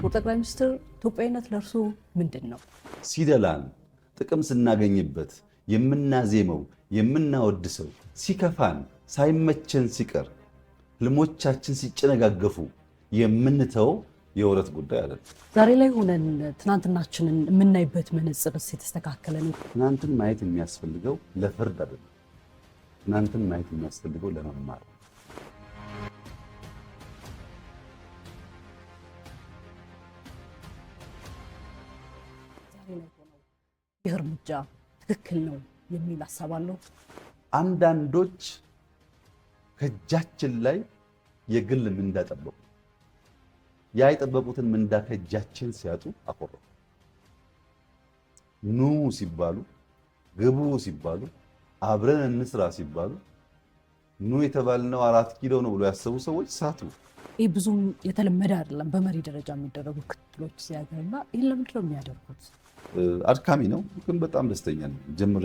ክቡር ጠቅላይ ሚኒስትር ኢትዮጵያዊነት ለእርሱ ምንድን ነው? ሲደላን ጥቅም ስናገኝበት የምናዜመው የምናወድሰው፣ ሲከፋን ሳይመቸን ሲቀር ህልሞቻችን ሲጨነጋገፉ የምንተው የውረት ጉዳይ አለ። ዛሬ ላይ ሆነን ትናንትናችንን የምናይበት መነጽርስ የተስተካከለ ነው? ትናንትን ማየት የሚያስፈልገው ለፍርድ አይደለም። ትናንትን ማየት የሚያስፈልገው ለመማር ነው ይህ እርምጃ ትክክል ነው የሚል ሀሳብ አለው። አንዳንዶች ከእጃችን ላይ የግል ምንዳ ጠበቁ። ያ የጠበቁትን ምንዳ ከእጃችን ሲያጡ አኮረፉ። ኑ ሲባሉ፣ ግቡ ሲባሉ፣ አብረን እንስራ ሲባሉ ኑ የተባልነው አራት ኪሎ ነው ብሎ ያሰቡ ሰዎች ሳቱ። ይህ ብዙም የተለመደ አይደለም። በመሪ ደረጃ የሚደረጉ ክትሎች ሲያገርና ይህን ለምንድነው የሚያደርጉት? አድካሚ ነው፣ ግን በጣም ደስተኛ ነኝ።